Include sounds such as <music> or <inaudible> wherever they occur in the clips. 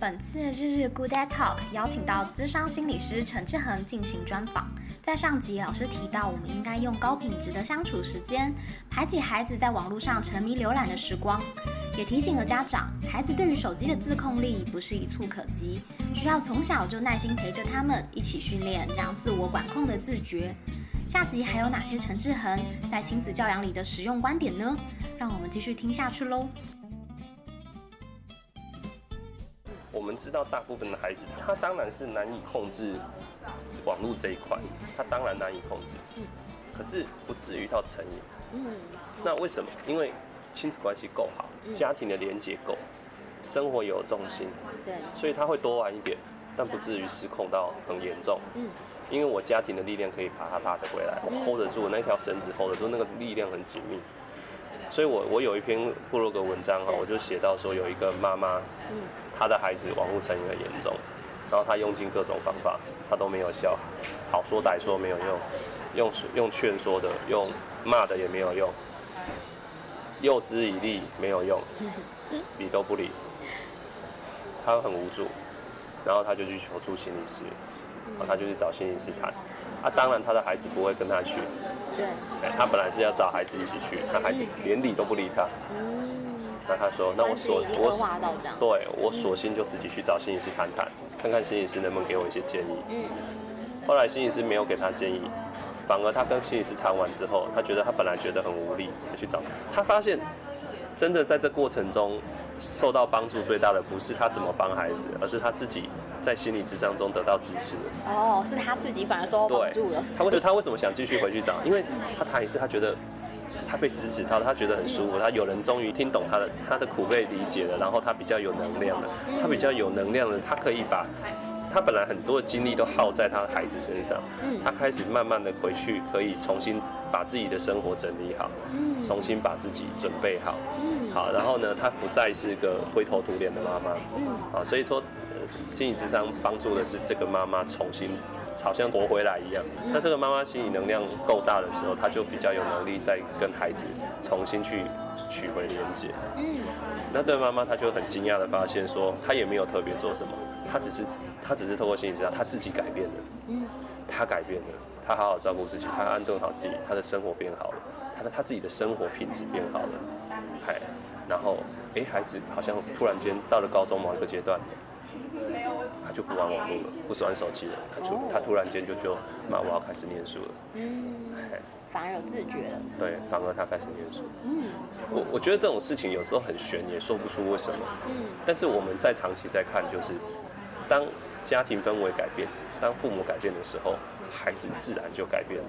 本次日日 GOODDAY TALK 邀請到諮商心理師陳志恆進行專訪。在上集，老師提到我們應該用高品質的相處時間，排擠孩子在網絡上沉迷瀏覽的時光，也提醒了家長，孩子對於手機的自控力不是一蹴可幾，需要從小就耐心陪着他們一起訓練，這樣自我管控的自覺。下集還有哪些陳志恆在親子教養裡的實用觀點呢？讓我們繼續聽下去嘍。我們知道大部分的孩子，他當然是難以控制網絡這一塊，他當然難以控制。可是不至於到成癮。那為什麼？因為親子關係夠好，家庭的連結夠，生活有重心。對。所以他會多玩一點，但不至於失控到很嚴重。因為我家庭的力量可以把他拉得回來，我 hold 得住那條繩子，hold 得住那個力量很緊密。所以我，我我有一篇部落格文章哈，我就寫到說，有一個媽媽，她的孩子網路成癮很嚴重，然後她用盡各種方法，她都沒有效，好說歹說沒有用，用用勸說的，用罵的也沒有用，誘之以利沒有用，理都不理，她很無助，然後她就去求助心理師。然後、啊、他就去找心理師談，啊，當然他的孩子不會跟他去，對、欸，他本來是要找孩子一起去，那孩子連理都不理他，嗯，那他說，那我所我，我，對我索性就自己去找心理師談談，看看心理師能不能給我一些建議，嗯，後來心理師沒有給他建議，反而他跟心理師談完之後，他覺得他本來覺得很無力，他去找他，他發現真的在這過程中受到幫助最大的不是他怎麼幫孩子，而是他自己。在心理諮商中得到支持哦，是他自己反而說對住了對，他為什麼他為什麼想繼續回去找？因為他談一次，他覺得他被支持到，他覺得很舒服。他有人終於聽懂他的他的苦被理解了，然後他比較有能量了，他比較有能量了，嗯、他比較有能量了，他可以把他本來很多的精力都耗在他的孩子身上，嗯、他開始慢慢的回去，可以重新把自己的生活整理好，嗯、重新把自己準備好。嗯、好，然後呢，他不再是個灰頭土臉的媽媽。嗯、好，所以說。心理諮商幫助的是這個媽媽重新好像活回來一樣。那這個媽媽心理能量夠大的時候，她就比較有能力再跟孩子重新去取回連接。嗯。那這個媽媽她就很驚訝的發現，說她也沒有特別做什麼，她只是她只是透過心理諮商，她自己改變了。她改變了，她好好照顧自己，她安頓好自己，她的生活變好了，她的她自己的生活品質變好了。嗨。然後哎、欸，孩子好像突然間到了高中某一個階段。他就不玩網絡了，不是玩手機了。他突、哦、他突然間就就，媽，我要開始念書了。嗯，反而有自覺了。對，反而他開始念書了。嗯，我我覺得這種事情有時候很玄，也說不出為什麼。但是我們在長期在看，就是當家庭氛圍改變，當父母改變的時候，孩子自然就改變了。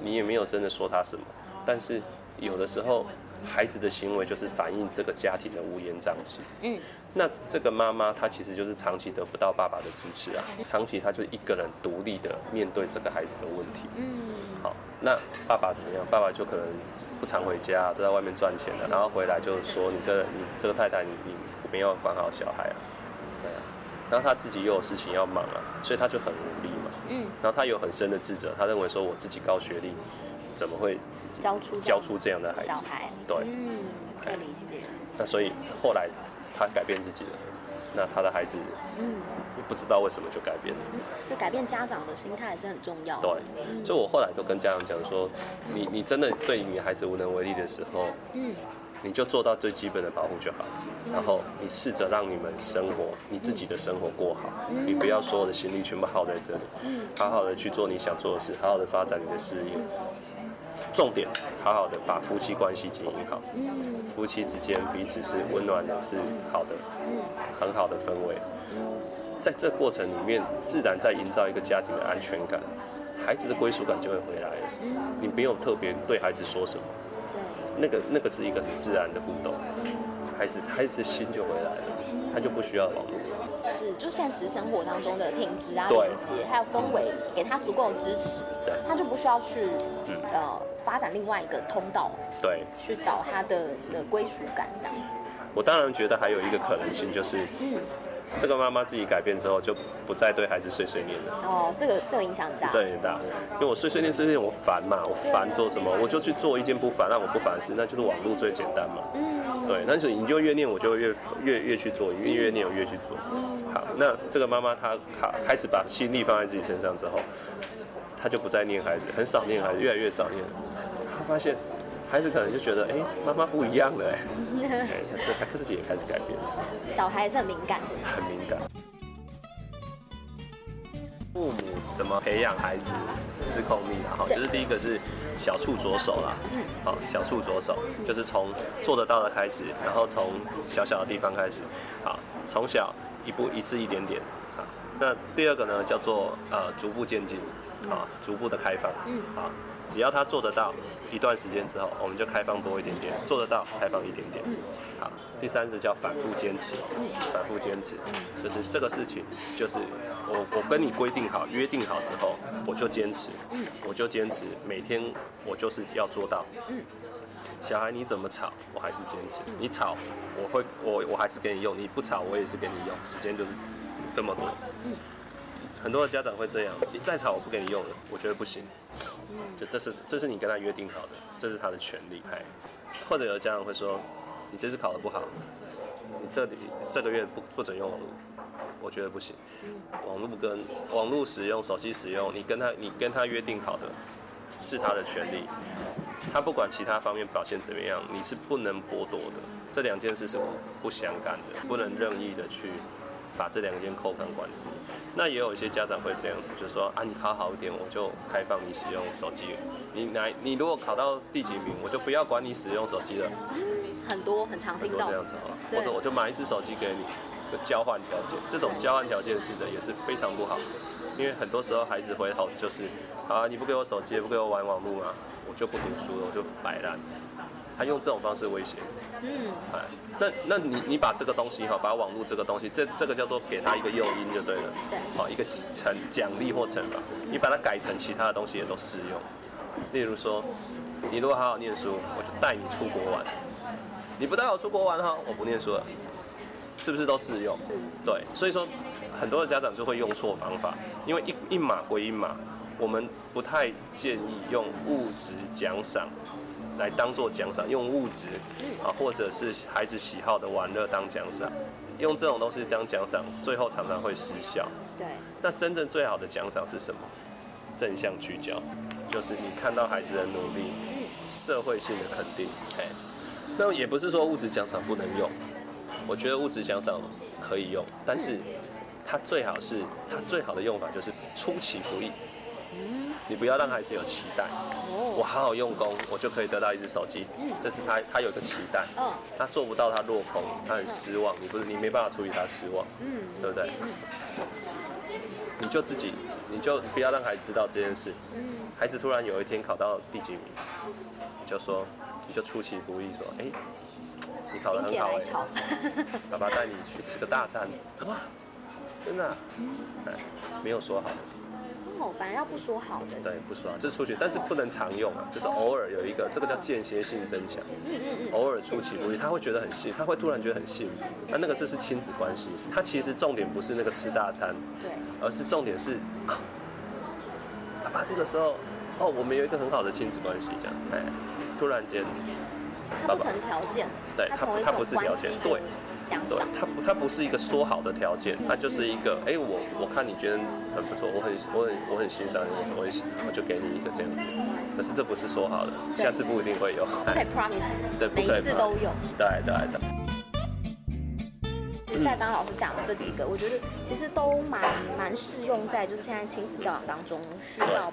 你也沒有真的說他什麼，但是有的時候。孩子的行為就是反映這個家庭的烏煙瘴氣。嗯，那這個媽媽她其實就是長期得不到爸爸的支持啊，長期她就一個人獨立的面對這個孩子的問題。嗯，好，那爸爸怎麼樣？爸爸就可能不常回家，都在外面賺錢了，然後回來就是說你這個、你這個太太，你你沒有管好小孩啊。對啊，然後他自己又有事情要忙啊，所以他就很無力嘛。嗯，然後他有很深的自責，他認為說我自己高學歷怎麼會？教出教出這樣的孩子，交小孩。對，嗯、okay 可以理解。那所以後來他改變自己了，那他的孩子，嗯，不知道為什麼就改變了。嗯，所以改變家長的心態也是很重要的。對，所以，嗯、我後來都跟家長講說，你你真的對你孩子無能為力的時候，嗯，你就做到最基本的保護就好。然後你試着讓你們生活，你自己的生活過好，嗯，你不要所有的心力全部耗在這裡，嗯，好好的去做你想做的事，好好的發展你的事業。重點，好好的把夫妻關係經營好，夫妻之間彼此是溫暖的，是好的，很好的氛圍。在這過程裡面，自然在營造一個家庭的安全感，孩子的歸屬感就會回來了。你沒有特別對孩子說什麼，那個那個是一個很自然的互動，孩子孩子心就回來了，他就不需要保護。就現實生活當中的品質啊、對，還有氛圍、嗯，給他足夠的支持，對，他就不需要去、嗯、呃發展另外一個通道，對，去找他的的歸屬感這樣子。我當然覺得還有一個可能性就是，嗯，這個媽媽自己改變之後，就不再對孩子碎碎念了。哦，這個這個影響很大。是真的有點大，因為我碎碎念碎碎念，我煩嘛，對我煩做什麼，我就去做一件不煩、讓我不煩的事，那就是網絡最簡單嘛。嗯。對，但是你就越念，我就會越越越去做，越越念我越去做。好，那這個媽媽她好開始把心力放在自己身上之後，她就不再念孩子，很少念孩子，越來越少念。她發現孩子可能就覺得，哎、欸，媽媽不一樣了、欸，哎、 <laughs> 欸，所以他自己也開始改變了。小孩是很敏感，很敏感。父母怎麼培養孩子自控力？然後就是第一個是小處着手啦。嗯。好，小處着手，就是從做得到的開始，然後從小小的地方開始。好，從小一步一次一點點。那第二個呢，叫做呃逐步漸進。啊，逐步的開放。嗯。好。只要他做得到，一段時間之後，我們就開放多一點點；做得到，開放一點點。好，第三是叫反覆堅持，哦，反覆堅持，就是這個事情，就是我我跟你規定好、約定好之後，我就堅持，我就堅持，每天我就是要做到。嗯，小孩你怎麼吵，我還是堅持。你吵，我會我我還是給你用；你不吵，我也是給你用。時間就是這麼多。很多的家長會這樣，你再吵我不給你用了，我覺得不行。就這是這是你跟他約定好的，這是他的權利。還或者有的家長會說，你這次考得不好，你這裡這個月不不准用網絡。我覺得不行。網絡跟網絡使用、手機使用，你跟他你跟他約定好的是他的權利，他不管其他方面表現怎麼樣，你是不能剝奪的。這兩件事是不相干的，不能任意的去把這兩件扣分管理。那也有一些家長會這樣子，就說啊，你考好一點，我就開放你使用手機；你來，你如果考到第幾名，我就不要管你使用手機了。很多很常聽到這樣子啊，好對或者我就買一只手機給你，交換條件。這種交換條件式的也是非常不好，因為很多時候孩子回頭就是啊，你不給我手機，不給我玩網絡嘛，我就不讀書，我就擺爛。他用這種方式威脅，嗯，哎，那那你你把這個東西哈，把網絡這個東西，這這個叫做給他一個誘因就對了，對，好一個懲獎勵或懲罰，你把它改成其他的東西也都適用，例如說，你如果好好念書，我就帶你出國玩，你不帶我出國玩哈，我不念書了，是不是都適用？對，所以說很多的家長就會用錯方法，因為一一碼歸一碼，我們不太建議用物質獎賞。來當做獎賞，用物質啊，或者是孩子喜好的玩樂當獎賞，用這種東西當獎賞，最後常常會失效。對，那真正最好的獎賞是什麼？正向聚焦，就是你看到孩子的努力，社會性的肯定。哎，那也不是說物質獎賞不能用，我覺得物質獎賞可以用，但是它最好是它最好的用法就是出其不意。你不要讓孩子有期待，我好好用功，我就可以得到一支手機。這是他，他有一個期待，他做不到，他落空，他很失望。你不是，你沒辦法處理他失望，嗯、對不對？嗯、你就自己，你就不要讓孩子知道這件事。嗯、孩子突然有一天考到第幾名，你就說，你就出其不意說，哎、欸，你考得很好哎， <laughs> 爸爸帶你去吃個大餐，好不好？真的、啊，沒有說好。反正要不說好的，對，不說好，這是出去，但是不能常用啊，就是偶爾有一個，這個叫間歇性增強，偶爾出其不意，他會覺得很幸他會突然覺得很幸福。那、啊、那個這是親子關係，他其實重點不是那個吃大餐，對，而是重點是啊，啊，爸爸這個時候，哦，我們有一個很好的親子關係，這樣，哎，突然間，他不成條件，對他，他不是條件，對。對他，它，不是一個說好的條件，他就是一個，哎，我我看你覺得很不錯，我很我很我很欣賞你，我很我我就給你一個這樣子。可是這不是說好的，下次不一定會有。不可以 promise。對，對，不可以 promise，對每一次都有。對對對。在剛剛老師講的這幾個，我覺得其實都蠻蠻適用在就是現在親子教養當中需要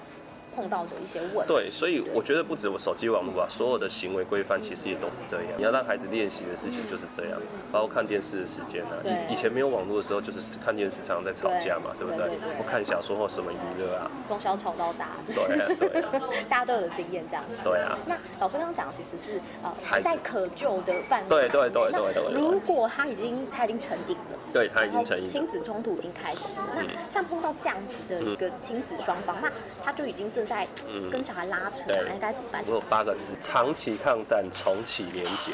碰到的一些問，對，所以我覺得不止我手機網絡吧，所有的行為規範其實也都是這樣。你要讓孩子練習的事情就是這樣，包括看電視的時間啊。以以前沒有網絡的時候，就是看電視常常在吵架嘛，對不對？我看小說或什麼娛樂啊，從小吵到大。對對，大家都有經驗這樣。對啊。那老師剛剛講的其實是呃還在可救的範圍。對對對對對。如果他已經他已經成癮了。對他已經成癮了，親子衝突已經開始。嗯、那像碰到這樣子的一個親子雙方，嗯、那他就已經正在跟小孩拉扯了，嗯、對應該怎麼辦？我有八個字：長期抗戰，重啟連結。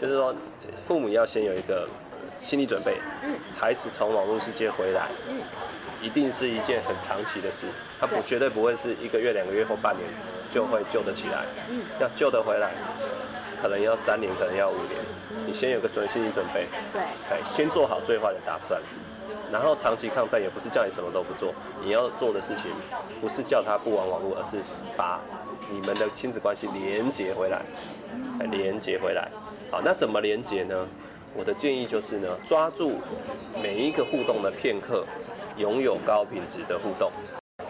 就是說，父母要先有一個心理準備。嗯，孩子從網絡世界回來，嗯，一定是一件很長期的事。對他不絕對不會是一個月、兩個月或半年就會救得起來。嗯，要救得回來。可能要三年，可能要五年，你先有個準心理準備。對，哎，先做好最壞的打算，然後長期抗戰也不是叫你什麼都不做，你要做的事情不是叫他不玩網路，而是把你們的親子關係連接回來，哎，連接回來。好，那怎麼連接呢？我的建議就是呢，抓住每一個互動的片刻，擁有高品質的互動。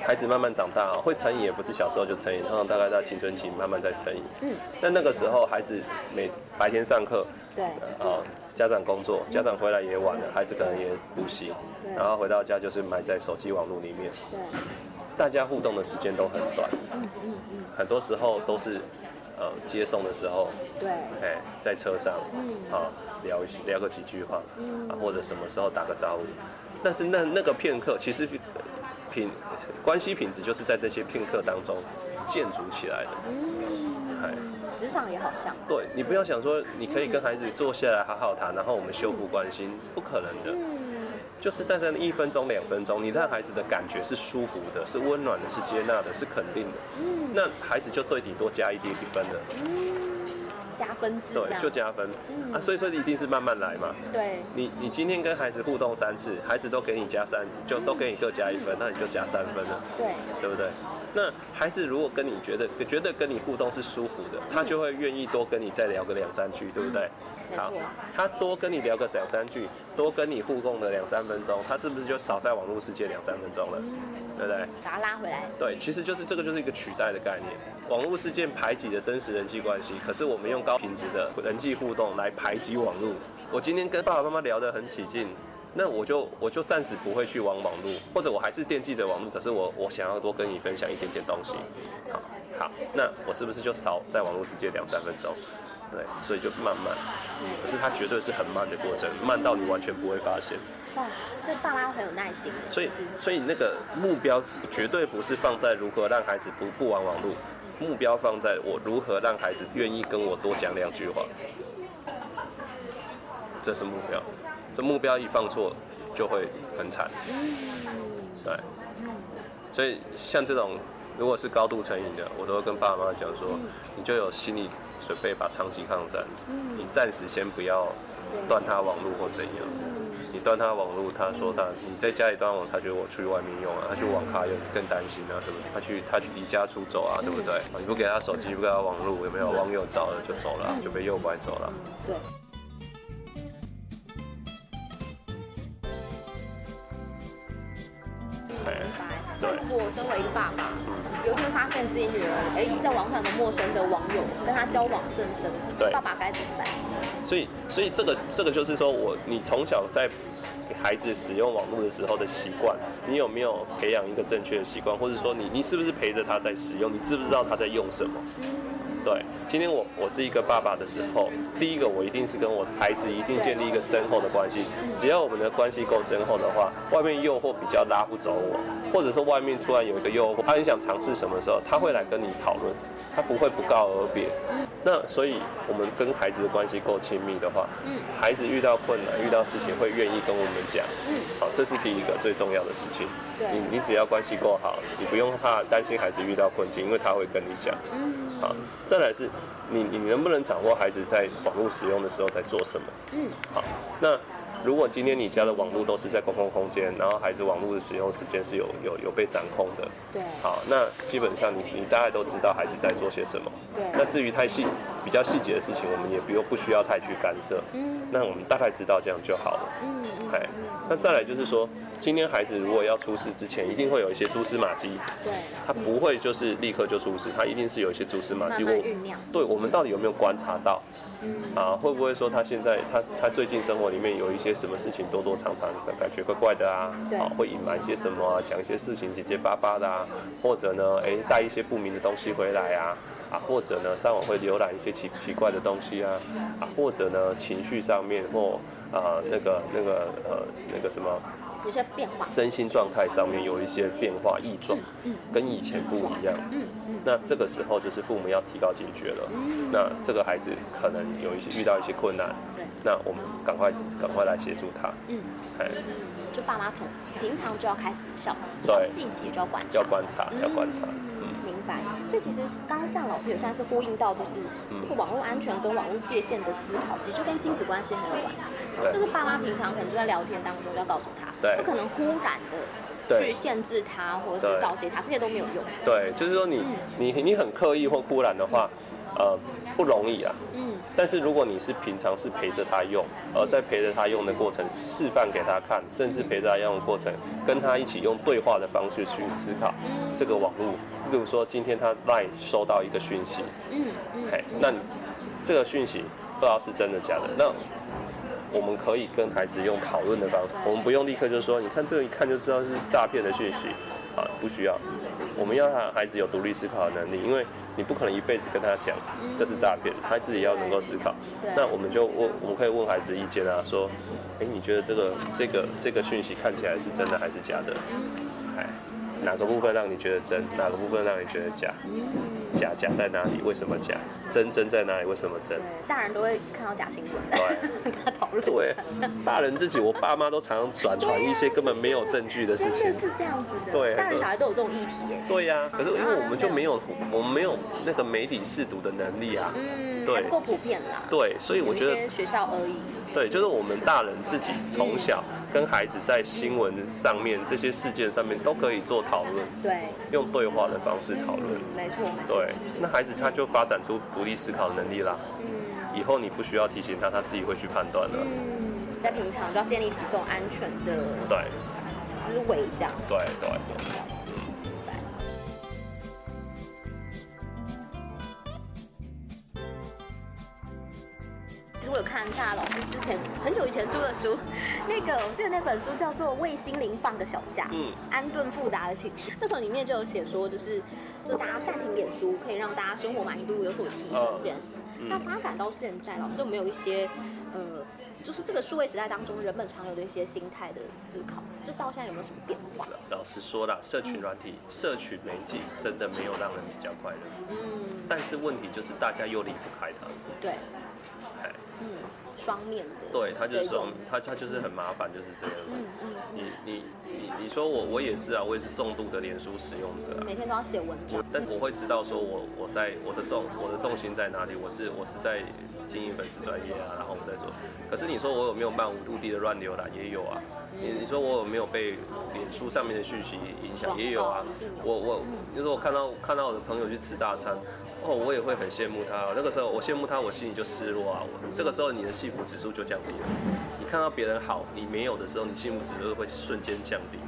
孩子慢慢長大，會成癮也不是小時候就成癮，通常大概在青春期慢慢在成癮。嗯。但那個時候，孩子每白天上課，對，啊、就是呃，家長工作，嗯、家長回來也晚了，孩子可能也補習，對然後回到家就是埋在手機網絡裡面。對。大家互動的時間都很短，嗯嗯嗯、很多時候都是，呃、接送的時候，對，哎、欸，在車上，嗯，呃、聊聊個幾句話，嗯，啊，或者什麼時候打個招呼，但是那那個片刻其實。品關係品質就是在這些片刻當中建築起來的。職、嗯、い場也好像。對，你不要想說，你可以跟孩子坐下來好好談，然後我們修復關心。不可能的。嗯、就是但是那一分鐘、兩分鐘，你讓孩子的感覺是舒服的、是溫暖的、是接納的、是肯定的，那孩子就對你多加一點、點、一分了。嗯加分這樣，對，就加分啊！所以說，你一定是慢慢來嘛。對，你你今天跟孩子互動三次，孩子都給你加三，就都給你各加一分，嗯、那你就加三分了。對，對不對？那孩子如果跟你覺得覺得跟你互動是舒服的，他就會願意多跟你再聊個兩三句，對不對？好，他多跟你聊個兩三句，多跟你互動個兩三分鐘，他是不是就少在網絡世界兩三分鐘了？對不對？把他拉回來。對，其實就是這個，就是一個取代的概念。網絡世界排擠的真實人際關係，可是我們用高品質的人際互動來排擠網絡。我今天跟爸爸媽媽聊得很起勁。那我就我就暫時不會去玩網絡，或者我還是惦記着網絡，可是我我想要多跟你分享一點點東西，好，好，那我是不是就少在網絡世界兩三分鐘？對，所以就慢慢，嗯、可是它絕對是很慢的過程，慢到你完全不會發現。哇對、嗯，爸爸很有耐心。所以所以那個目標絕對不是放在如何讓孩子不不玩網絡，目標放在我如何讓孩子願意跟我多講兩句話，這是目標。這目標一放錯，就會很慘。對，所以像這種，如果是高度成癮的，我都會跟爸爸媽媽講說，你就有心理準備吧，長期抗戰。你暫時先不要斷他網絡或怎樣，你斷他網絡，他說他你在家裡斷網，他覺得我出去外面用啊，他去網咖用更擔心啊，什麼？他去他去離家出走啊，對不對？Okay. 你不給他手機，不給他網絡，有沒有？Okay. 網友找了就走了，Okay. 就被誘拐走了。Okay. 對。明白。對，我身為一個爸爸，對有一天發現自己女兒，哎、欸，在網上有個陌生的網友跟他交往甚深，爸爸該怎麼辦？所以，所以這個，這個就是說我，你從小在給孩子使用網絡的時候的習慣，你有沒有培養一個正確的習慣，或者說你，你是不是陪着他在使用，你知不知道他在用什麼？嗯對，今天我我是一個爸爸的時候，第一個我一定是跟我孩子一定建立一個深厚的關係。只要我們的關係夠深厚的話，外面誘惑比較拉不走我，或者說外面突然有一個誘惑，他很想嘗試什麼時候，他會來跟你討論，他不會不告而別。那所以，我們跟孩子的關係夠親密的話，孩子遇到困難、遇到事情會願意跟我們講。好，這是第一個最重要的事情。你你只要關係夠好，你不用怕擔心孩子遇到困境，因為他會跟你講。好，再來是你，你你能不能掌握孩子在網絡使用的時候在做什麼？嗯，好，那如果今天你家的網絡都是在公共空間，然後孩子網絡的使用時間是有有有被掌控的，對，好，那基本上你你大概都知道孩子在做些什麼，對，那至於太細比較細節的事情，我們也不用、不需要太去干涉，嗯，那我們大概知道這樣就好了，嗯，哎，那再來就是說。今天孩子如果要出事之前，一定會有一些蛛絲馬跡。對，他不會就是立刻就出事，他一定是有一些蛛絲馬跡。我，對，我們到底有沒有觀察到？啊，會不會說他現在他他最近生活裡面有一些什麼事情多多常常感覺怪怪的啊？啊，會隱瞞一些什麼啊？講一些事情結結巴巴的啊？或者呢，哎、欸，帶一些不明的東西回來啊？啊，或者呢，上網會瀏覽一些奇奇怪的東西啊？啊，或者呢，情緒上面或啊、呃、那個那個呃那個什麼？有些變化，身心狀態上面有一些變化異狀，嗯，跟以前不一樣，嗯嗯，那這個時候就是父母要提高警覺了，那這個孩子可能有一些遇到一些困難，對，那我們趕快趕快來協助他，嗯，就爸媽從平常就要開始小小細節就要觀察，要觀察，要觀察。所以其實剛剛陳老師也算是呼應到，就是這個網絡安全跟網絡界限的思考，其實就跟親子關係很有關係。就是爸媽平常可能就在聊天當中要告訴他，不可能忽然的去限制他或者是告誡他，這些都沒有用對。對，就是說你你你很刻意或忽然的話。嗯呃，不容易啊。嗯。但是如果你是平常是陪着他用，而、呃、在陪着他用的過程示範給他看，甚至陪着他用的過程，跟他一起用對話的方式去思考這個網絡。例如說，今天他 LINE 收到一個訊息，嗯，嘿，那這個訊息不知道是真的假的，那我們可以跟孩子用討論的方式，我們不用立刻就說，你看這個一看就知道是詐騙的訊息，啊、呃，不需要，我們要讓孩子有獨立思考的能力，因為。你不可能一輩子跟他講這是詐騙，他自己要能夠思考。那我們就問，我們可以問孩子意見啊，說，哎、欸，你覺得這個這個這個訊息看起來是真的還是假的？哎，哪個部分讓你覺得真？哪個部分讓你覺得假？假假在哪裡？為什麼假？真真在哪裡？為什麼真？大人都會看到假新聞，跟他討論。對，大人自己，我爸媽都常常轉傳一些根本沒有證據的事情，是這樣子的。對，大人小孩都有這種議題。對呀，可是因為我們就沒有，我們沒有那個媒體識讀的能力啊。嗯，不夠普遍啦。對，所以我覺得學校而已。對，就是我們大人自己從小跟孩子在新聞上面、嗯、這些事件上面都可以做討論，對、嗯，用對話的方式討論，嗯、對沒錯，對，沒錯，那孩子他就發展出獨立思考的能力啦，嗯，以後你不需要提醒他，他自己會去判斷了，嗯，在平常就要建立起這種安全的對思維，這樣，對對對。對對對我有看大家老師之前很久以前出的書，那個我記得那本書叫做《為心靈放個小假》，嗯，安頓複雜的情緒。那時候裡面就有寫說，就是就大家暫停臉書，可以讓大家生活滿意度有所提升這件事。那、嗯、發展到現在，老師有沒有一些呃，就是這個數位時代當中人們常有的一些心態的思考，就到現在有沒有什麼變化？老實說了，社群軟體、嗯、社群媒體真的沒有讓人比較快樂。嗯。但是問題就是大家又離不開它。對。嗯，雙面的。對，他就是說，他他就是很麻煩，就是這樣子。嗯，嗯，嗯你你你你說我我也是啊，我也是重度的臉書使用者啊，每天都要寫文章。但是我會知道說我我在我的重我的重心在哪裡，我是我是在經營粉絲專業啊，然後我在做。可是你說我有沒有漫無目的的亂瀏覽？也有啊。嗯、你你說我有沒有被臉書上面的訊息影響？嗯、也有啊。哦、我我、嗯、就是我看到看到我的朋友去吃大餐。後我也會很羨慕他。哦，那個時候我羨慕他，我心裡就失落啊。我這個時候你的幸福指數就降低了。你看到別人好，你沒有的時候，你幸福指數會，會瞬間降低。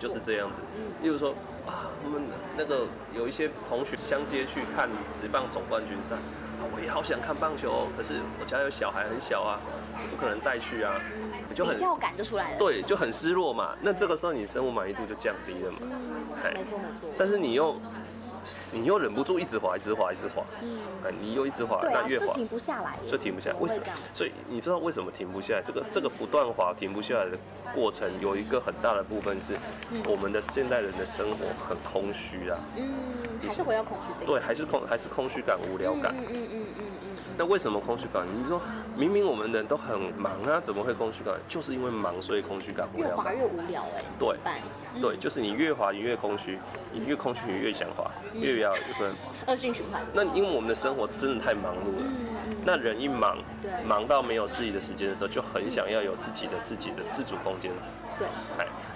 就是這樣子。例如說啊，我們那個有一些同學相約去看職棒總冠軍賽，啊，我也好想看棒球。哦，可是我家有小孩很小啊，不可能帶去啊，就很比較感就出來了。對，就很失落嘛。那這個時候你生活滿意度就降低了嘛。沒錯沒錯。但是你又。你又忍不住一直滑，一直滑，一直滑，哎、嗯，你又一直滑，啊、那越滑停不下來就停不下來，就停不下來。為什麼？所以你知道為什麼停不下來？這個這個不斷滑停不下來的過程，有一個很大的部分是我們的現代人的生活很空虛啊。嗯，思還是會有空虛感，對？對，還是空還是空虛感、無聊感。嗯嗯嗯嗯。嗯嗯嗯嗯嗯，那為什麼空虛感？你說明明我們人都很忙啊，怎麼會空虛感？就是因為忙，所以空虛感無聊感。越滑越無聊哎、欸，對嗯、對，就是你越滑越空虛，你越空虛，你越空虛，你越想滑，嗯、越要越不能惡性循環。那因為我們的生活真的太忙碌了，嗯嗯嗯、那人一忙，對忙到沒有自己的時間的時候，就很想要有自己的自己的自主空間。對，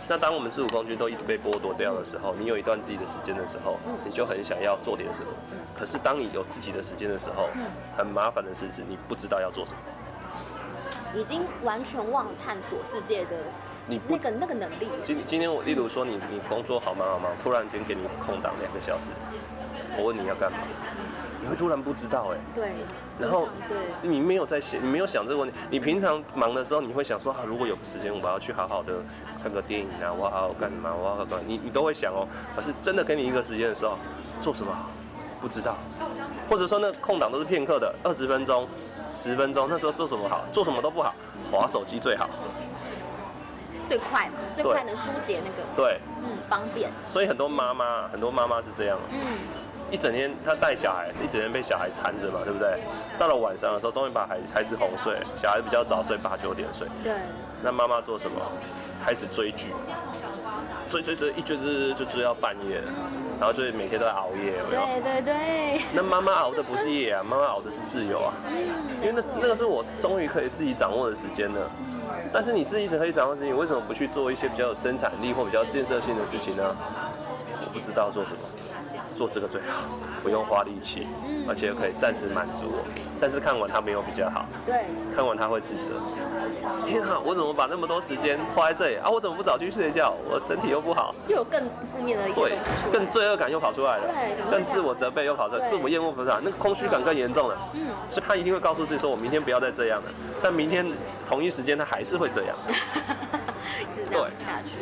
那當我們自主空間都一直被剝奪掉的時候，你有一段自己的時間的時候，嗯、你就很想要做點什麼。嗯、可是當你有自己的時間的時候，嗯、很麻煩的事情，你不知道要做什麼，已經完全忘了探索世界的。你不那個、那個能力。今今天我，例如說你你工作好忙好忙，突然間給你空檔兩個小時，我問你要幹嘛？你會突然不知道哎、欸對後。對。然後，對。你沒有在想，你沒有想這個問題。你平常忙的時候，你會想說啊，如果有時間，我要去好好的看個電影啊，我要好好幹嘛，我要幹嘛，你你都會想哦、喔。可是真的給你一個時間的時候，做什麼不知道，或者說那空檔都是片刻的，二十分鐘、十分鐘，那時候做什麼好？做什麼都不好，滑手機最好。最快嘛，最快的疏解那個，對，嗯，對方便。所以很多媽媽，很多媽媽是這樣喔，嗯，一整天她帶小孩，一整天被小孩纏着嘛，對不對？到了晚上的時候，終於把孩孩子哄睡，小孩子比較早睡，八九點睡，對。那媽媽做什麼？開始追劇。追追追一追追就追到半夜，然後，所以每天都在熬夜。有有對對對。那媽媽熬的不是夜啊，媽媽熬的是自由啊。因為那那個是我終於可以自己掌握的時間了。但是你自己只可以掌握的時間，為什麼不去做一些比較有生產力或比較建設性的事情呢？我不知道做什麼，做這個最好，不用花力氣，而且可以暫時滿足我。但是看完他沒有比較好。對。看完他會自責。天啊，我怎麼把那麼多時間花在這裡啊？啊，我怎麼不早去睡覺？我身體又不好。又有更負面的對，更罪惡感又跑出來了。更自我責備又跑出來，自我厭惡不上。那個空虛感更嚴重了。嗯對，所以他一定會告訴自己說，我明天不要再這樣了。但明天同一時間，他還是會這樣。 <laughs> 這樣對，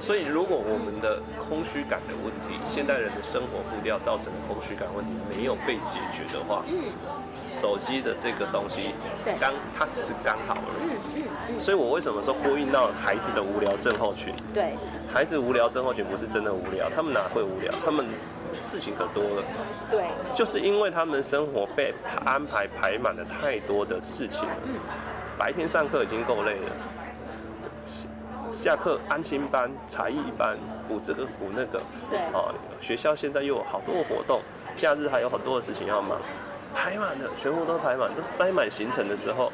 所以如果我們的空虛感的問題，現代人的生活步調造成的空虛感問題沒有被解決的話，嗯。手機的這個東西，剛它只是剛好而已。所以我為什麼說呼應到孩子的無聊症候群？對，孩子無聊症候群不是真的無聊，他們哪會無聊？他們事情可多了。對。就是因為他們生活被安排排滿了太多的事情。嗯。白天上課已經夠累了，下課安親班、才藝班、補這個補那個。對。哦，學校現在又有好多的活動，假日還有很多的事情要忙。排滿了，全部都排滿，都塞滿行程的時候，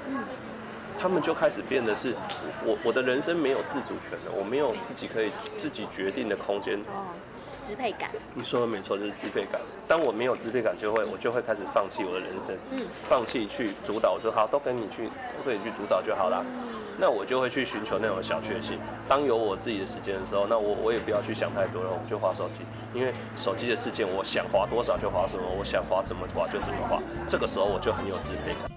他們就開始變得是，我我的人生沒有自主權了，我沒有自己可以自己決定的空間。支配感，你說的沒錯，就是支配感。當我沒有支配感，就會我就會開始放棄我的人生，嗯，放棄去主導，我說好都跟你去，都可以去主導就好了。那我就會去尋求那種小確幸。當有我自己的時間的時候，那我我也不要去想太多了，我就滑手機，因為手機的世界，我想滑多少就滑什麼，我想滑怎麼滑就怎麼滑。這個時候我就很有支配感。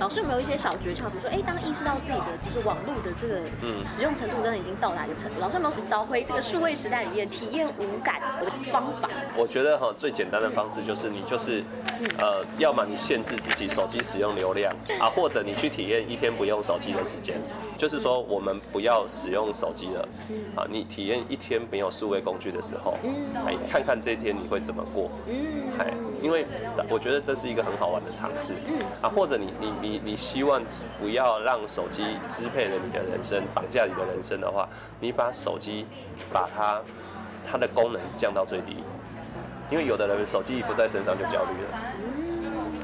老師有沒有一些小訣竅？比如說，哎、欸，當意識到自己的就是網絡的這個使用程度真的已經到達一個程度，嗯、老師有沒有找回這個數位時代裡面體驗無感的方法？我覺得哈，最簡單的方式就是你就是，嗯、呃，要麼你限制自己手機使用流量是啊，或者你去體驗一天不用手機的時間。就是說，我們不要使用手機了，啊，你體驗一天沒有數位工具的時候，來看看這一天你會怎麼過，嗯，因為我覺得這是一個很好玩的嘗試，嗯，啊，或者你你你你希望不要讓手機支配了你的人生，綁架你的人生的話，你把手機，把它，它的功能降到最低，因為有的人手機一不在身上就焦慮了。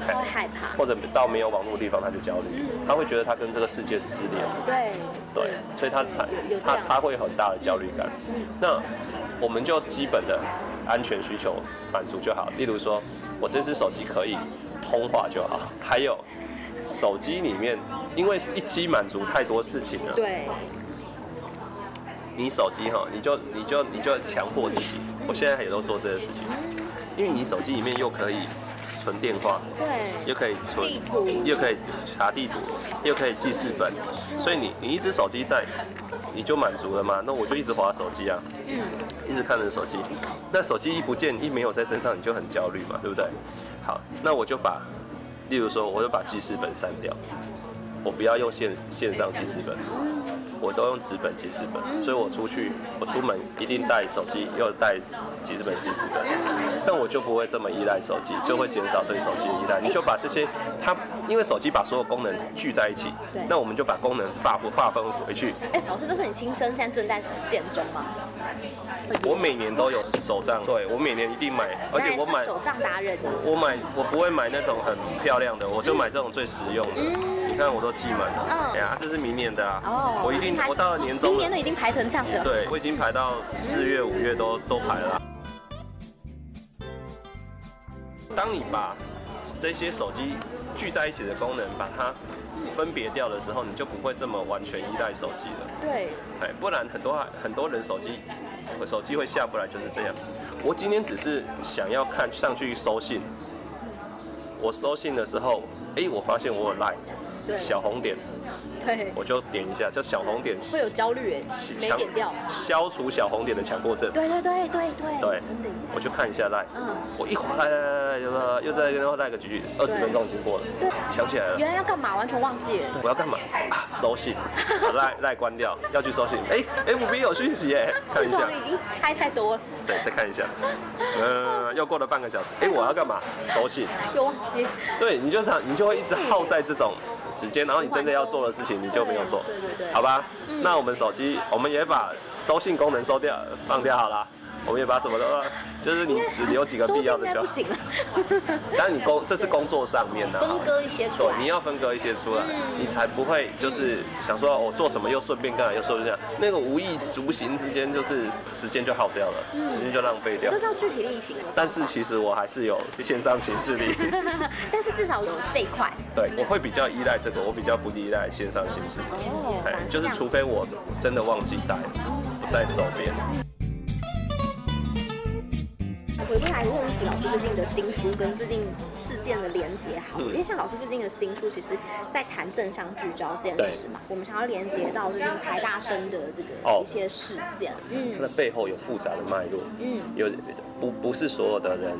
害怕，或者到沒有網絡的地方他就焦慮，嗯、他會覺得他跟這個世界失聯。對，對，所以他有有他他會有很大的焦慮感。嗯、那我們就基本的安全需求滿足就好，例如說我這支手機可以通話就好，還有手機裡面，因為一機滿足太多事情了。對，你手機哈，你就你就你就強迫自己，我現在也都做這些事情，因為你手機裡面又可以。存電話，對，又可以存，又可以查地圖，又可以記事本，所以你你一支手機在，你就滿足了嗎？那我就一直滑手機啊，嗯，一直看着手機，那手機一不見一沒有在身上，你就很焦慮嘛，對不對？好，那我就把，例如說我就把記事本刪掉，我不要用線線上記事本。我都用紙本、記事本，所以我出去，我出門一定帶手機，又帶紙、記事本、記事本。那我就不會這麼依賴手機，就會減少對手機的依賴。你就把這些，它因為手機把所有功能聚在一起，對那我們就把功能發不、不劃分回去。哎、欸，老師，這是你親身現在正在實踐中嗎？我每年都有手賬，對，我每年一定買，而且我買手賬達人，我買，我不會買那種很漂亮的，我就買這種最實用的。嗯嗯但我都記滿了。嗯、哎呀，這是明年的啊！哦、我一定我到了年終，明年的已經排成這樣子了。對，我已經排到四月、五月都、嗯、都排了、啊。嗯、當你把這些手機聚在一起的功能，把它分別掉的時候，你就不會這麼完全依賴手機了。對。哎，不然很多很多人手機手機會下不來，就是這樣。我今天只是想要看上去收信。我收信的時候，哎、欸，我發現我有 LINE。小紅點，對，我就點一下，叫小紅點，會有焦慮哎，沒點掉，消除小紅點的強迫症。對對對對對，我去看一下 Line，嗯，我一滑，哎又在跟 Line 個幾句，二十分鐘已經過了，想起來了，原來要幹嘛，完全忘記了，我要幹嘛？收信，Line Line 關掉，要去收信，哎，FB 有訊息哎，看一下，已經開太多了，對，再看一下，呃，又過了半個小時，哎，我要幹嘛？收信，又忘記，對，你就這樣，你就會一直耗在這種。時間，然後你真的要做的事情，你就沒有做，對對對對，好吧。那我們手機，嗯、我們也把收信功能收掉，放掉好了。我們也把什麼都，就是你只留幾個必要的，就好。但是你工，這是工作上面，啊、分割一些出來，嗯，你要分割一些出來，你才不會就是想說，我做什麼又順便幹，又說這樣，那個無意俗行之間就是時間就耗掉了，時間就浪費掉。這是要具體力行。但是其實我還是有線上行事曆，但是至少有這一塊。對，我會比較依賴這個，我比較不依賴線上行事曆。就是除非我真的忘記帶，不在手邊。回過來問一下老師，最近的新書跟最近事件的連接好，好、嗯，因為像老師最近的新書，其實，在談正向聚焦這件事嘛，對我們想要連接到最近台大生的這個一些事件，oh, 嗯，它的背後有複雜的脈絡，嗯，有不不是所有的人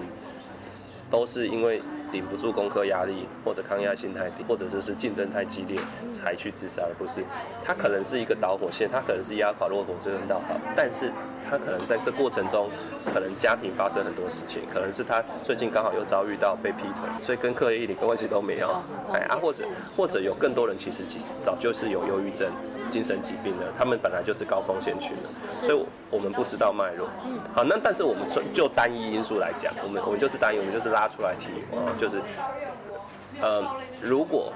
都是因為。頂不住功課壓力，或者抗壓性太低，或者就是競爭太激烈才去自殺，而不是他可能是一個導火線，他可能是壓垮駱駝的最後一道坎，但是他可能在這過程中，可能家庭發生很多事情，可能是他最近剛好又遭遇到被劈腿，所以跟課業一點關係都沒有。哎啊，或者或者有更多人其實早就是有憂鬱症、精神疾病的，他們本來就是高風險群，所以我們不知道脈絡。好，那但是我們就單一因素來講，我們我們就是單一，我們就是拉出來提啊。哦就是，呃，如果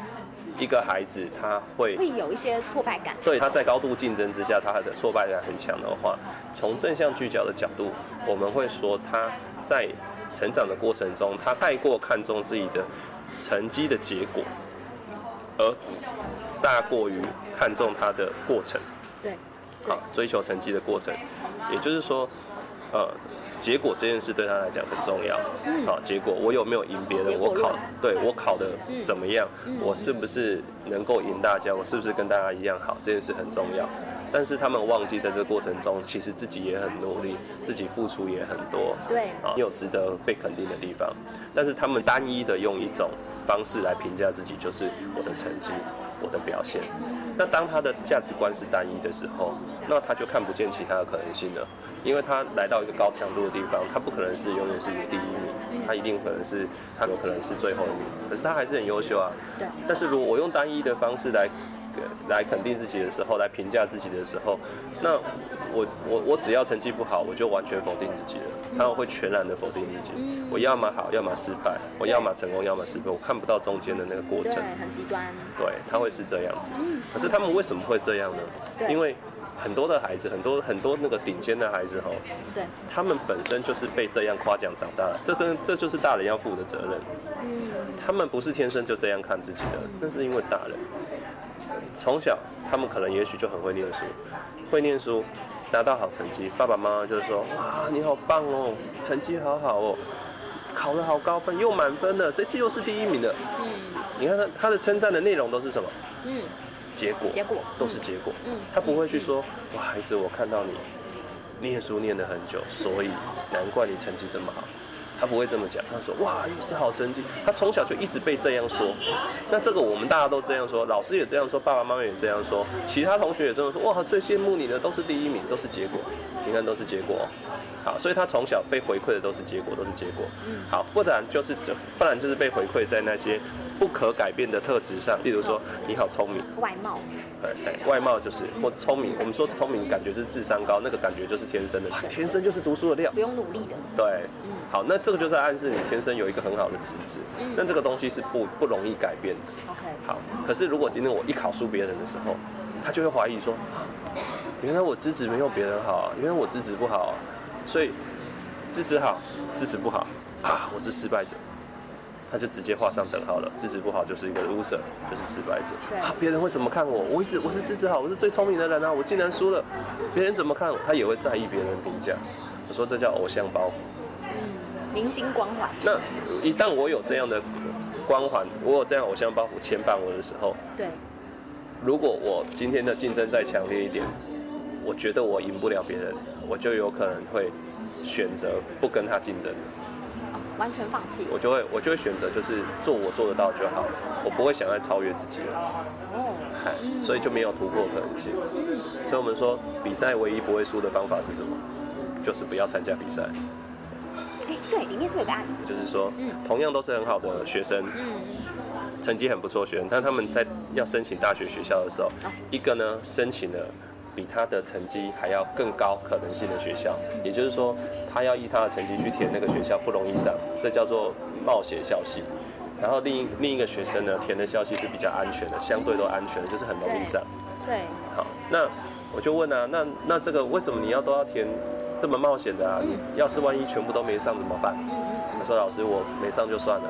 一個孩子他會會有一些挫敗感，對，他在高度競爭之下，他的挫敗感很強的話，從正向聚焦的角度，我們會說他在成長的過程中，他太過看重自己的成績的結果，而大過於看重他的過程，對，對，啊，追求成績的過程，也就是說，呃。結果這件事對他來講很重要，好、啊，結果我有沒有贏別人，我考對我考的怎麼樣，我是不是能夠贏大家，我是不是跟大家一樣好，這件事很重要。但是他們忘記在這個過程中，其實自己也很努力，自己付出也很多，對，啊，你有值得被肯定的地方。但是他們單一的用一種方式來評價自己，就是我的成績的表現，那當他的價值觀是單一的時候，那他就看不見其他的可能性了。因為他來到一個高強度的地方，他不可能是永遠是第一名，他一定可能是，他有可能是最後一名。可是他還是很優秀啊。對，但是如果我用單一的方式來，來肯定自己的時候，來評價自己的時候，那我我我只要成績不好，我就完全否定自己了。他們會全然的否定自己，我要麼好，要麼失敗；我要麼成功，要麼失敗。我看不到中間的那個過程，對，很極端。對，他會是這樣子。可是他們為什麼會這樣呢？因為很多的孩子，很多很多那個頂尖的孩子，哈，對，他們本身就是被這樣誇獎長大的。這是這就是大人要負的責任。嗯，他們不是天生就這樣看自己的，那是因為大人。從小，他們可能也許就很會念書，會念書，拿到好成績，爸爸媽媽就說，哇，你好棒哦，成績好好哦，考得好高分，又滿分了，這次又是第一名的。嗯，你看他他的稱讚的內容都是什麼？嗯，結果結果都是結果。嗯，他不會去說，嗯、哇，孩子，我看到你念書念得很久，所以難怪你成績這麼好。他不會這麼講，他說：“哇，又是好成績。”他從小就一直被這樣說。那這個我們大家都這樣說，老師也這樣說，爸爸媽媽也這樣說，其他同學也這麼說。哇，最羨慕你的都是第一名，都是結果。你看，都是結果。好，所以他從小被回饋的都是結果，都是結果。嗯，好，不然就是這，不然就是被回饋在那些不可改變的特質上，比如說你好聰明，外貌。對，對，外貌就是，或者聰明。我們說聰明，感覺就是智商高，那個感覺就是天生的。天生就是讀書的料，不用努力的。對，嗯、好，那這個就是暗示你天生有一個很好的資質。但、嗯、那這個東西是不不容易改變的。OK。好，可是如果今天我一考輸別人的時候，他就會懷疑說，原來我資質沒有別人好、啊，因為我資質不，、啊、不好，所以資質好，資質不好啊，我是失敗者。他就直接畫上等號了，資質不好就是一個 loser，就是失敗者。對，啊，別人會怎麼看我？我一直我是資質好，我是最聰明的人啊，我竟然輸了，別人怎麼看？他也會在意別人評價。我說這叫偶像包袱。嗯，明星光環。那一旦我有這樣的光環，我有這樣偶像包袱牽絆我的時候，對，如果我今天的競爭再強烈一點，我覺得我贏不了別人，我就有可能會選擇不跟他競爭。完全放棄，我就會我就會選擇就是做我做得到就好了。我不會想要超越自己了了，所以就沒有突破可能性。所以我們說比賽唯一不會輸的方法是什麼？就是不要參加比賽。哎、欸，對，裡面是有個案子，就是說，嗯、同樣都是很好的學生，嗯、成績很不錯的學生，但他們在要申請大學學校的時候，哦、一個呢申請了。比他的成績還要更高可能性的學校，也就是說，他要以他的成績去填那個學校不容易上，這叫做冒險校系。然後另一另一個學生呢，填的校系是比較安全的，相對都安全，就是很容易上。對，好，那我就問啊，那那這個為什麼你要都要填這麼冒險的啊？你要是萬一全部都沒上怎麼辦？他說老師，我沒上就算了，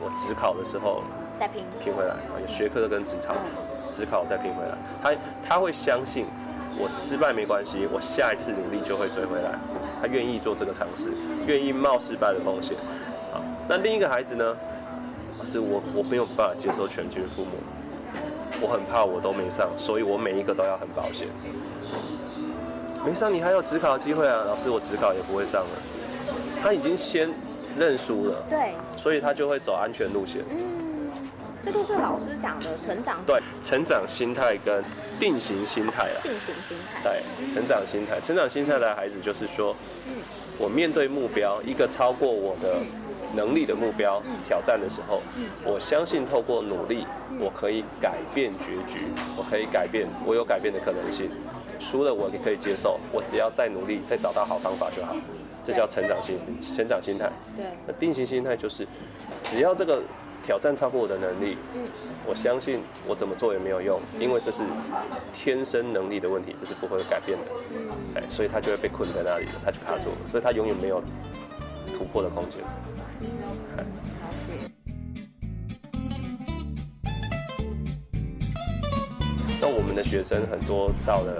我指考的時候再拼拼回來，學科都跟指考。指考再拼回來，他他會相信我失敗沒關係，我下一次努力就會追回來。他願意做這個嘗試，願意冒失敗的風險。好，那另一個孩子呢？老師，我我沒有辦法接受全軍覆沒，我很怕我都沒上，所以我每一個都要很保險。沒上你還有指考的機會啊，老師，我指考也不會上了。他已經先認輸了，對，所以他就會走安全路線。這都是老師講的成長。對，成長心態跟定型心態了、啊。定型心態。對，成長心態，成長心態的孩子就是說，嗯、我面對目標一個超過我的能力的目標、嗯、挑戰的時候，我相信透過努力，我可以改變結局，我可以改變，我有改變的可能性。輸了我也可以接受，我只要再努力，再找到好方法就好。這叫成長心，對成長心態。對。那定型心態就是，只要這個。挑戰超過我的能力，我相信我怎麼做也沒有用，因為這是天生能力的問題，這是不會改變的。哎，所以他就會被困在那裡，他就卡住了，所以他永遠沒有突破的空間。那我們的學生很多到了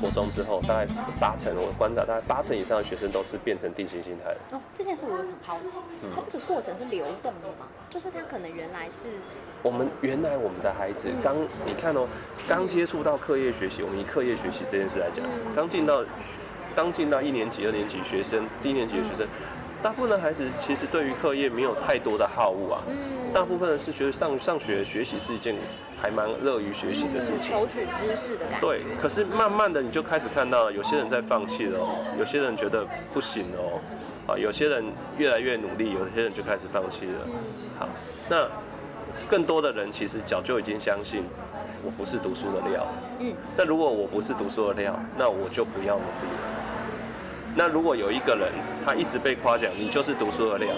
國中之後，大概八成，我觀察大，大概八成以上的學生都是變成定型心態的。哦，這件事我很好奇，它這個過程是流動的嗎？就是他可能原來是……我們原來我們的孩子剛，你看哦，剛接觸到課業學習，我們以課業學習這件事來講，剛進到，剛進到一年級、二年級學生，低年級的學生。大部分的孩子其實對於課業沒有太多的好惡啊，大部分的人是覺得上上學學習是一件還蠻樂於學習的事情，求取知識的感覺。對，可是慢慢的你就開始看到，有些人在放棄了，有些人覺得不行哦，啊，有些人越來越努力，有些人就開始放棄了。好，那更多的人其實早就已經相信，我不是讀書的料。嗯，那如果我不是讀書的料，那我就不要努力了。那如果有一個人，他一直被誇獎，你就是讀書的料，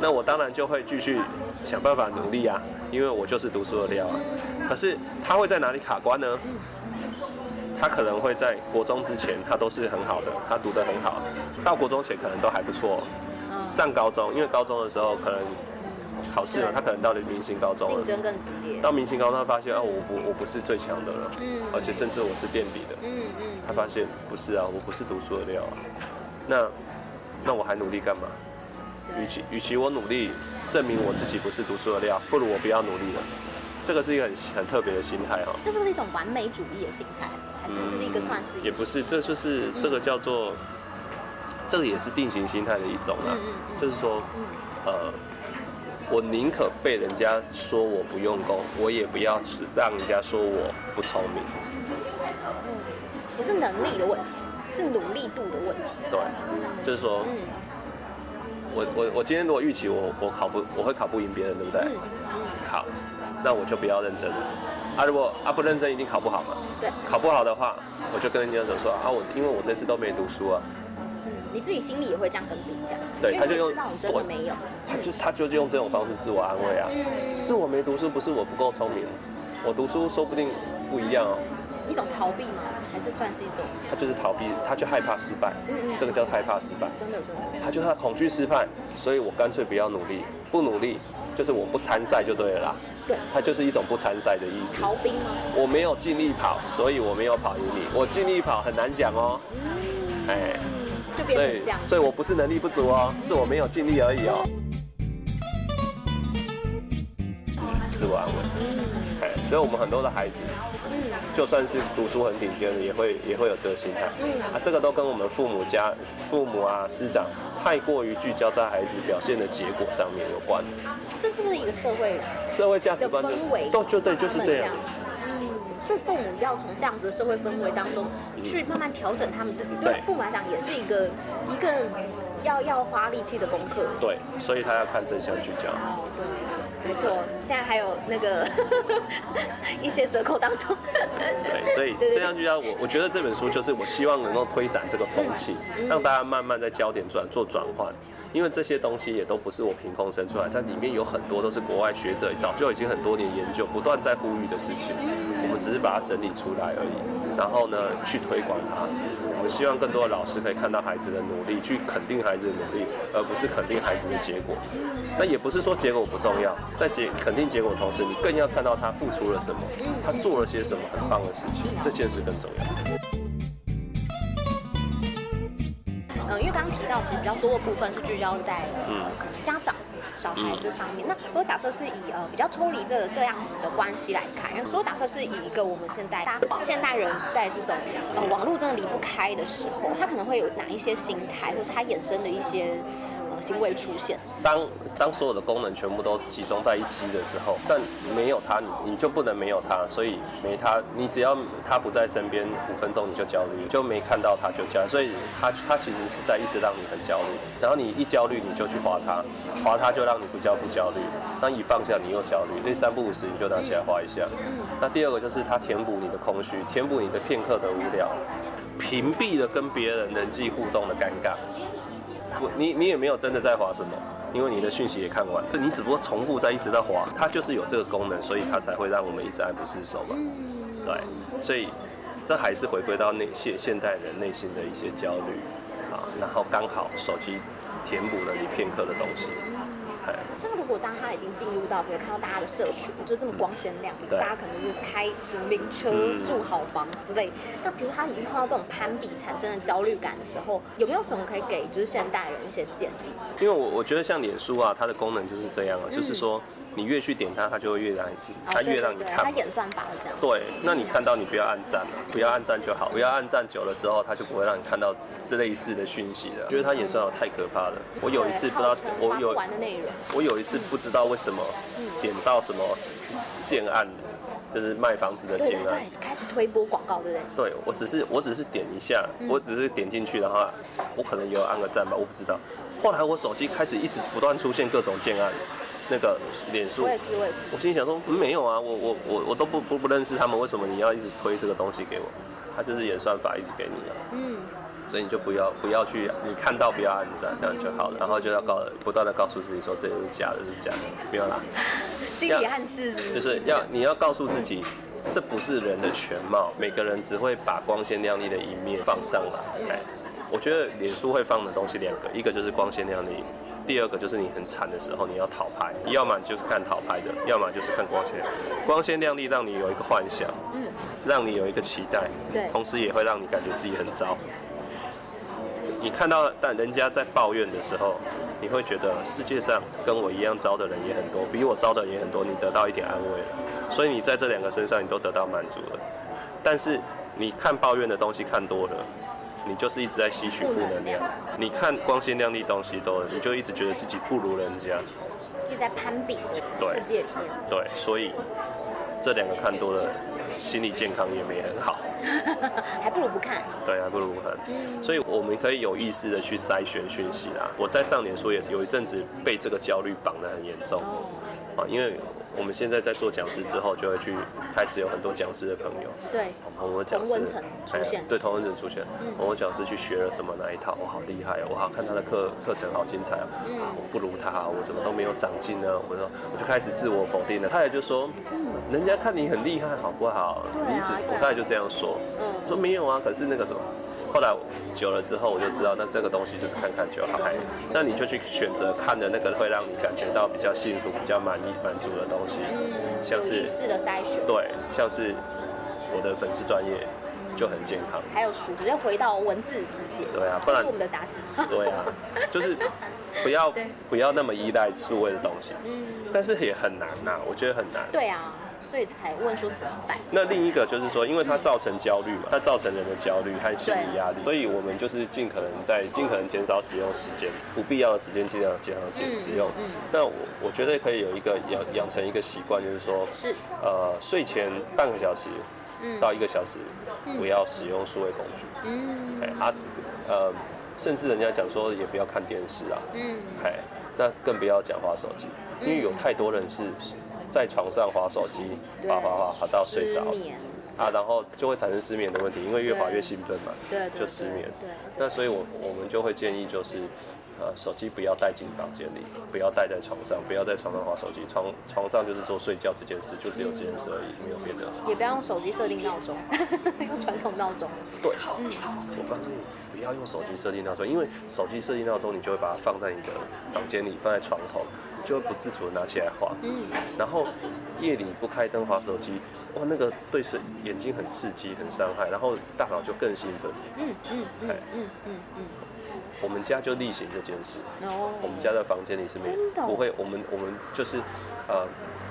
那我當然就會繼續想辦法努力啊，因為我就是讀書的料啊。可是他會在哪裡卡關呢？他可能會在國中之前，他都是很好的，他讀得很好，到國中前可能都還不錯。上高中，因為高中的時候可能。考試了，他可能到了明星高中，競爭更激烈。到明星高中，他發現啊，我不我不是最強的了，而且甚至我是墊底的。嗯嗯。他發現不是啊，我不是讀書的料啊。那那我還努力幹嘛？與其與其我努力證明我自己不是讀書的料，不如我不要努力了。這個是一個很很特別的心態啊。這是不是一種完美主義的心態？還是這是一個算是……也不是，這就是這個叫做，這個也是定型心態的一種啊。就是說，呃。我寧可被人家說我不用功，我也不要讓人家說我不聰明。不是能力的問題，嗯、是努力度的問題。對，就是說，嗯、我我我今天如果預期我我考不我會考不贏別人，對不對？嗯、好，那我就不要認真了。啊，如果啊不認真一定考不好嘛。對，考不好的話，我就跟人家說說啊，我因為我這次都沒讀書啊。你自己心裡也會這樣跟自己講，對，他就用，我真的沒有，他就他就是用這種方式自我安慰啊，是我沒讀書，不是我不夠聰明，我讀書說不定不一樣哦。一種逃避嗎？還是算是一種？他就是逃避，他就害怕失敗，嗯嗯，嗯，這個叫害怕失敗，真的、嗯、真的，真的他就怕恐懼失敗，所以我乾脆不要努力，不努力就是我不參賽就對了啦，對，他就是一種不參賽的意思，逃兵嗎？我沒有盡力跑，所以我沒有跑贏你，我盡力跑很難講哦，嗯、哎。所以，所以我不是能力不足哦，是我沒有盡力而已哦。自我安慰。所以我們很多的孩子，嗯、就算是讀書很頂尖的，也會也會有這個心態。嗯、啊，這個都跟我們父母家、父母啊、師長太過於聚焦在孩子表現的結果上面有關的。這是不是一個社會社會價值觀的，的氛圍都。就對，就是這樣。嗯所以父母要從這樣子的社會氛圍當中去慢慢調整他們自己，對，對父母來講也是一個一個要要花力氣的功課。對，所以他要看正向聚焦。對沒錯，現在還有那個呵呵一些折扣當中。對，所以這樣就要我，對對對，我覺得這本書就是我希望能夠推展這個風氣，嗯嗯、讓大家慢慢在焦點轉做轉換。因為這些東西也都不是我憑空生出來，在裡面有很多都是國外學者早就已經很多年研究，不斷在呼籲的事情。我們只是把它整理出來而已，然後呢，去推廣它。我們希望更多的老師可以看到孩子的努力，去肯定孩子的努力，而不是肯定孩子的結果。那也不是說結果不重要。在結肯定結果的同時，你更要看到他付出了什麼，他做了些什麼很棒的事情，這件事更重要。嗯、呃，因為剛剛提到，其實比較多的部分是聚焦在嗯、呃、家長、小孩子上面。嗯、那如果假設是以呃比較抽離這這樣子的關係來看，因為如果假設是以一個我們現在現代人在這種呃網絡真的離不開的時候，他可能會有哪一些心態，或是他衍生的一些。行為出現，當當所有的功能全部都集中在一機的時候，但沒有它，你你就不能沒有它，所以沒它，你只要它不在身邊五分鐘你就焦慮，就沒看到它就焦，所以它它其實是在一直讓你很焦慮，然後你一焦慮你就去滑它，滑它就讓你不焦不焦慮，當一放下你又焦慮，所以三不五時你就拿起來滑一下。那第二個就是它填補你的空虛，填補你的片刻的無聊，屏蔽了跟別人人際互動的尷尬。你你也沒有真的在滑什麼，因為你的訊息也看完了，你只不過重複在一直在滑，它就是有這個功能，所以它才會讓我們一直愛不釋手嘛。對，所以這還是回歸到內現現代人內心的一些焦慮啊，然後剛好手機填補了你片刻的東西，如果當他已經進入到，比如看到大家的社群，就這麼光鮮亮麗，對大家可能就是開名車、嗯、住好房之類，那比如他已經碰到這種攀比產生的焦慮感的時候，有沒有什麼可以給就是現代人一些建議？因為我我覺得像臉書啊，它的功能就是這樣啊，嗯、就是說。你越去點它，它就會越讓，它越讓你看。它演算法這樣。對，那你看到你不要按讚，不要按讚就好，不要按讚久了之後，它就不會讓你看到這類似的訊息了，嗯、覺得它演算法太可怕了。我有一次不知道，我有對對對，我有一次不知道為什麼點到什麼建案，就是賣房子的建案。對，對，對，開始推播廣告，對不對？對，我只是我只是點一下，我只是點進去的話，然後我可能有按個讚吧，我不知道。後來我手機開始一直不斷出現各種建案。那個臉書，我心裡心想說，沒有啊，我我我我都不不不認識他們，為什麼你要一直推這個東西給我？他就是演算法一直給你。嗯。所以你就不要不要去，你看到不要按讚，這樣就好了。然後就要告，不斷的告訴自己說，這是假的，是假的，沒有啦。心理暗示。就是要你要，你要告訴自己，這不是人的全貌，每個人只會把光鮮亮麗的一面放上來。我覺得臉書會放的東西兩個，一個就是光鮮亮麗。第二個就是你很慘的時候，你要討拍，要麼就是看討拍的，要麼就是看光鮮、光鮮亮麗，讓你有一個幻想，讓你有一個期待，同時也會讓你感覺自己很糟。你看到但人家在抱怨的時候，你會覺得世界上跟我一樣糟的人也很多，比我糟的人也很多，你得到一點安慰，所以你在這兩個身上你都得到滿足了。但是你看抱怨的東西看多了。你就是一直在吸取負能量，你看光鮮亮麗東西都有，你就一直覺得自己不如人家，一直在攀比，世界對。對，所以這兩個看多了，心理健康也沒很好，還不如不看，對，還不如不看，嗯、所以我們可以有意識的去篩選訊息啦。我在上年說也是有一陣子被這個焦慮綁得很嚴重，啊、哦，因為。我們現在在做講師之後，就會去開始有很多講師的朋友，對，我們講師出現，對同溫層出現，我們講師去學了什麼哪一套，我好厲害哦，我看他的課課程好精彩哦，啊，我不如他，我怎麼都沒有長進呢？我說，我就開始自我否定了。他也就說，嗯，人家看你很厲害，好不好？啊，你只是我剛才就這樣說，說沒有啊，可是那個什麼。後來久了之後，我就知道，那這個東西就是看看就好。那你就去選擇看的那個會讓你感覺到比較幸福、比較滿意、滿足的東西，嗯，像是對，像是我的粉絲專業就很健康。還有書，直接回到文字之間。對啊，不然我們的雜誌。對啊，就是不要不要那麼依賴數位的東西。嗯，但是也很難吶，我覺得很難。對啊。所以才問說怎麼辦？那另一個就是說，因為它造成焦慮嘛，它造成人的焦慮和心理壓力，所以我們就是盡可能在盡可能減少使用時間，不必要的時間盡量盡量減使用。那我我覺得可以有一個養養成一個習慣，就是說，是呃睡前半個小時到一個小時不要使用數位工具。哎啊，呃，甚至人家講說也不要看電視啊，嗯，那更不要講話手機，因為有太多人是。在床上滑手機，滑滑滑，滑到睡着，啊，然後就會產生失眠的問題，因為越滑越興奮嘛，對就失眠。對對對，那所以我我們就會建議就是。呃，手機不要帶進房間裡，不要帶在床上，不要在床上滑手機。床床上就是做睡覺這件事，就只有這件事而已，沒有別的。也不要用手機設定鬧鐘， <laughs> 用傳統鬧鐘。對，嗯，我告訴你，不要用手機設定鬧鐘，因為手機設定鬧鐘，你就會把它放在你的房間裡，放在床頭，你就會不自主的拿起來滑。嗯，然後夜裡不開燈滑手機，哇，那個對手眼睛很刺激，很傷害，然後大腦就更興奮。嗯嗯，嗯嗯嗯。嗯嗯嗯我們家就例行這件事，oh, 我們家的房間裡是沒有，不、哦、會，我們我們就是，呃，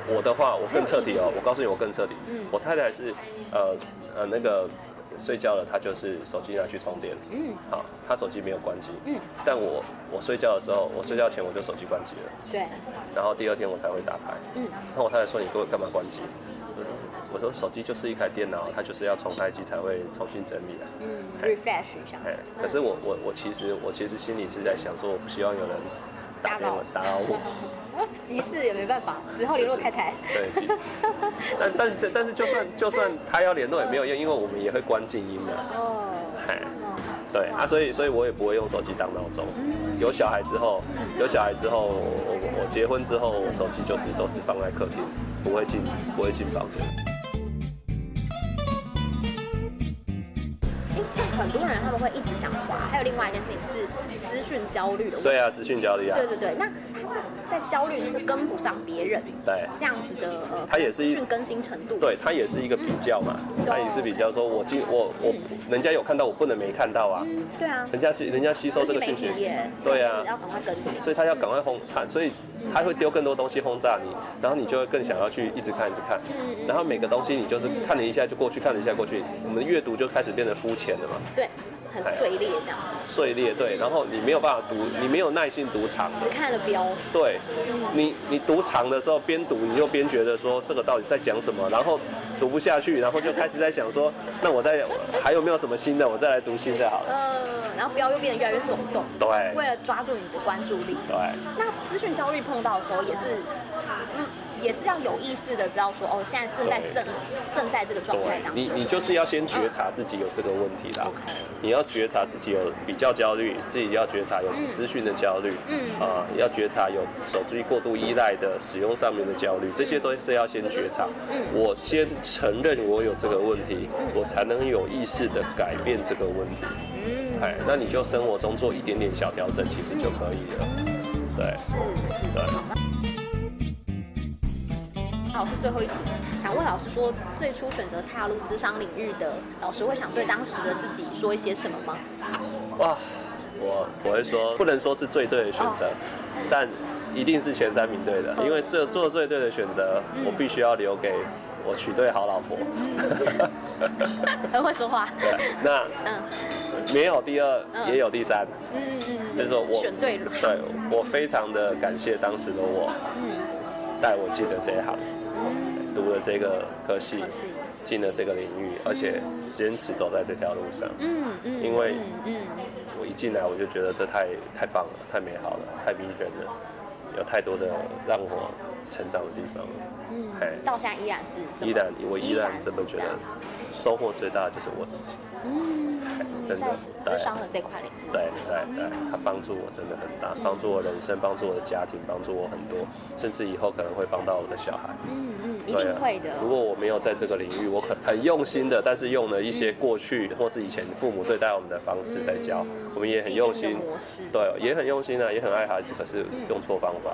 我的話我更徹底哦，我,我告訴你我更徹底，嗯、我太太是，呃呃那個睡覺了她就是手機拿去充電，嗯、好，她手機沒有關機，嗯、但我我睡覺的時候，我睡覺前我就手機關機了，對、嗯，然後第二天我才會打開，嗯，那我太太說你給我幹嘛關機？我說手機就是一台電腦，它就是要重開機才會重新整理的。嗯，refresh 嘿一下。哎，可是我我我其實我其實心裡是在想說，我不希望有人打擾打擾我。急事打爆 <laughs> 也沒辦法，只好聯絡太太、就是、對，就是、但但但對但是就算就算他要聯絡也沒有用，因為我們也會關靜音的。哦、嗯。對哇啊，所以所以我也不會用手機當鬧鐘。嗯、有小孩之後，有小孩之後，我我,我結婚之後，我手機就是都是放在客廳，不會進不會進房間。很多人他們會一直想滑，還有另外一件事情是資訊焦慮的問題。對啊，資訊焦慮啊。對對對，那他是在焦慮，就是跟不上別人。對。這樣子的呃，他也是資訊更新程度。對他也是一個比較嘛，他也是比較說，我今我我人家有看到，我不能沒看到啊。對啊。人家吸人家吸收這個信息。對啊。耶。對啊，要趕快更新。所以他要趕快轟炸，所以他會丟更多東西轟炸你，然後你就會更想要去一直看，一直看。嗯。然後每個東西你就是看了一下就過去，看了一下過去，我們的閱讀就開始變得膚淺了嘛。對，很碎裂這樣。碎裂對，然後你沒有辦法讀，你沒有耐心讀長。只看了標。對，嗯、你你讀長的時候邊讀，你又邊覺得說這個到底在講什麼，然後讀不下去，然後就開始在想說， <laughs> 那我在還有沒有什麼新的，我再來讀新的好了。嗯。然後標又變得越來越聳動。對。為了抓住你的關注力。對。那資訊焦慮碰到的時候也是，嗯。也是要有意識的，知道說哦，現在正在正對正在這個狀態，你你就是要先覺察自己有這個問題的。啊、你要覺察自己有比較焦慮，自己要覺察有資訊的焦慮。嗯。啊、呃，要覺察有手機過度依賴的使用上面的焦慮，這些都是要先覺察。嗯。我先承認我有這個問題，我才能有意識的改變這個問題。嗯。哎，那你就生活中做一點點小調整，其實就可以了。嗯、對。是。是的。好，是最後一題，想問老師說，最初選擇踏入諮商領域的老師會想對當時的自己說一些什麼嗎？哇，我我會說不能說是最對的選擇，但一定是前三名對的，因為做做最對的選擇，我必須要留給我娶對好老婆。很會說話。對，那嗯，沒有第二，也有第三，嗯嗯，就是說我選對了。對，我非常的感謝當時的我，嗯，但我記得這一行。讀了這個科系，進了這個領域，而且堅持走在這條路上。嗯嗯，嗯，因為嗯，我一進來我就覺得這太太棒了，太美好了，太迷人了，有太多的讓我成長的地方。嗯，嘿到現在依然是，依然我依然真的覺得收穫最大的就是我自己。嗯。真的是，諮商的這塊領域。對對對，他幫助我真的很大，幫助我人生，幫助我的家庭，幫助我很多，甚至以後可能會幫到我的小孩。嗯嗯，一定會的。如果我沒有在這個領域，我很很用心的，但是用了一些過去或是以前父母對待我們的方式在教，我們也很用心，對，也很用心啊，也很愛孩子，可是用錯方法。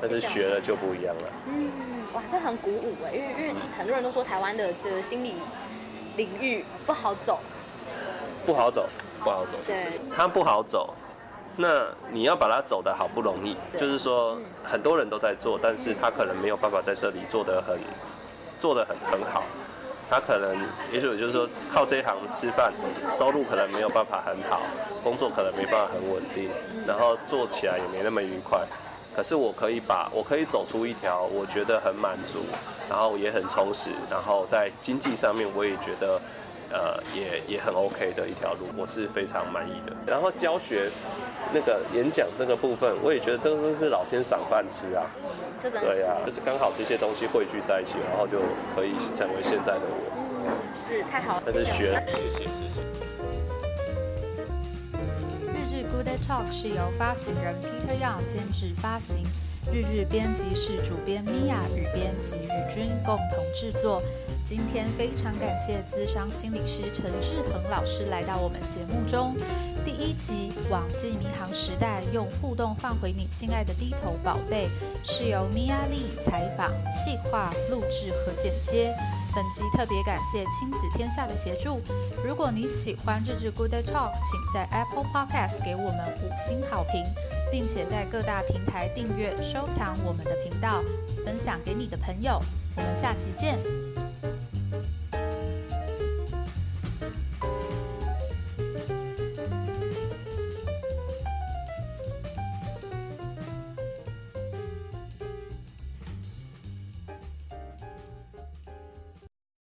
但是學了就不一樣了。嗯嗯。哇，這很鼓舞哎，因為因為很多人都說台灣的這個心理領域不好走。不好走，不好走是，是這樣。他不好走，那你要把他走得好不容易，對就是說很多人都在做，但是他可能沒有辦法在這裡做得很，做得很很好。他可能，也許就是說靠這一行吃飯，收入可能沒有辦法很好，工作可能沒辦法很穩定，然後做起來也沒那麼愉快。可是我可以把我可以走出一條，我覺得很滿足，然後也很充實，然後在經濟上面我也覺得。呃，也也很 OK 的一條路，我是非常滿意的。然後教學那個演講這個部分，我也覺得這個真的是老天賞飯吃啊！對啊，就是剛好這些東西匯聚在一起，然後就可以成為現在的我。是太好了謝謝，謝謝。日日 GOODDAY TALK 是由發行人 Peter Yang 監製發行，日日編輯室主編 Miya 與編輯羽君共同製作。今天非常感謝諮商心理師陳志恆老師來到我們節目中。第一集《網際迷航時代》，用互動喚回你親愛的低頭寶貝，是由 Miya Lee 採訪、企劃、錄製和剪接。本集特別感謝親子天下的協助。如果你喜歡日日 Good Day Talk，請在 Apple Podcast 給我們五星好評，並且在各大平台訂閱、收藏我們的頻道，分享給你的朋友。我們下集見。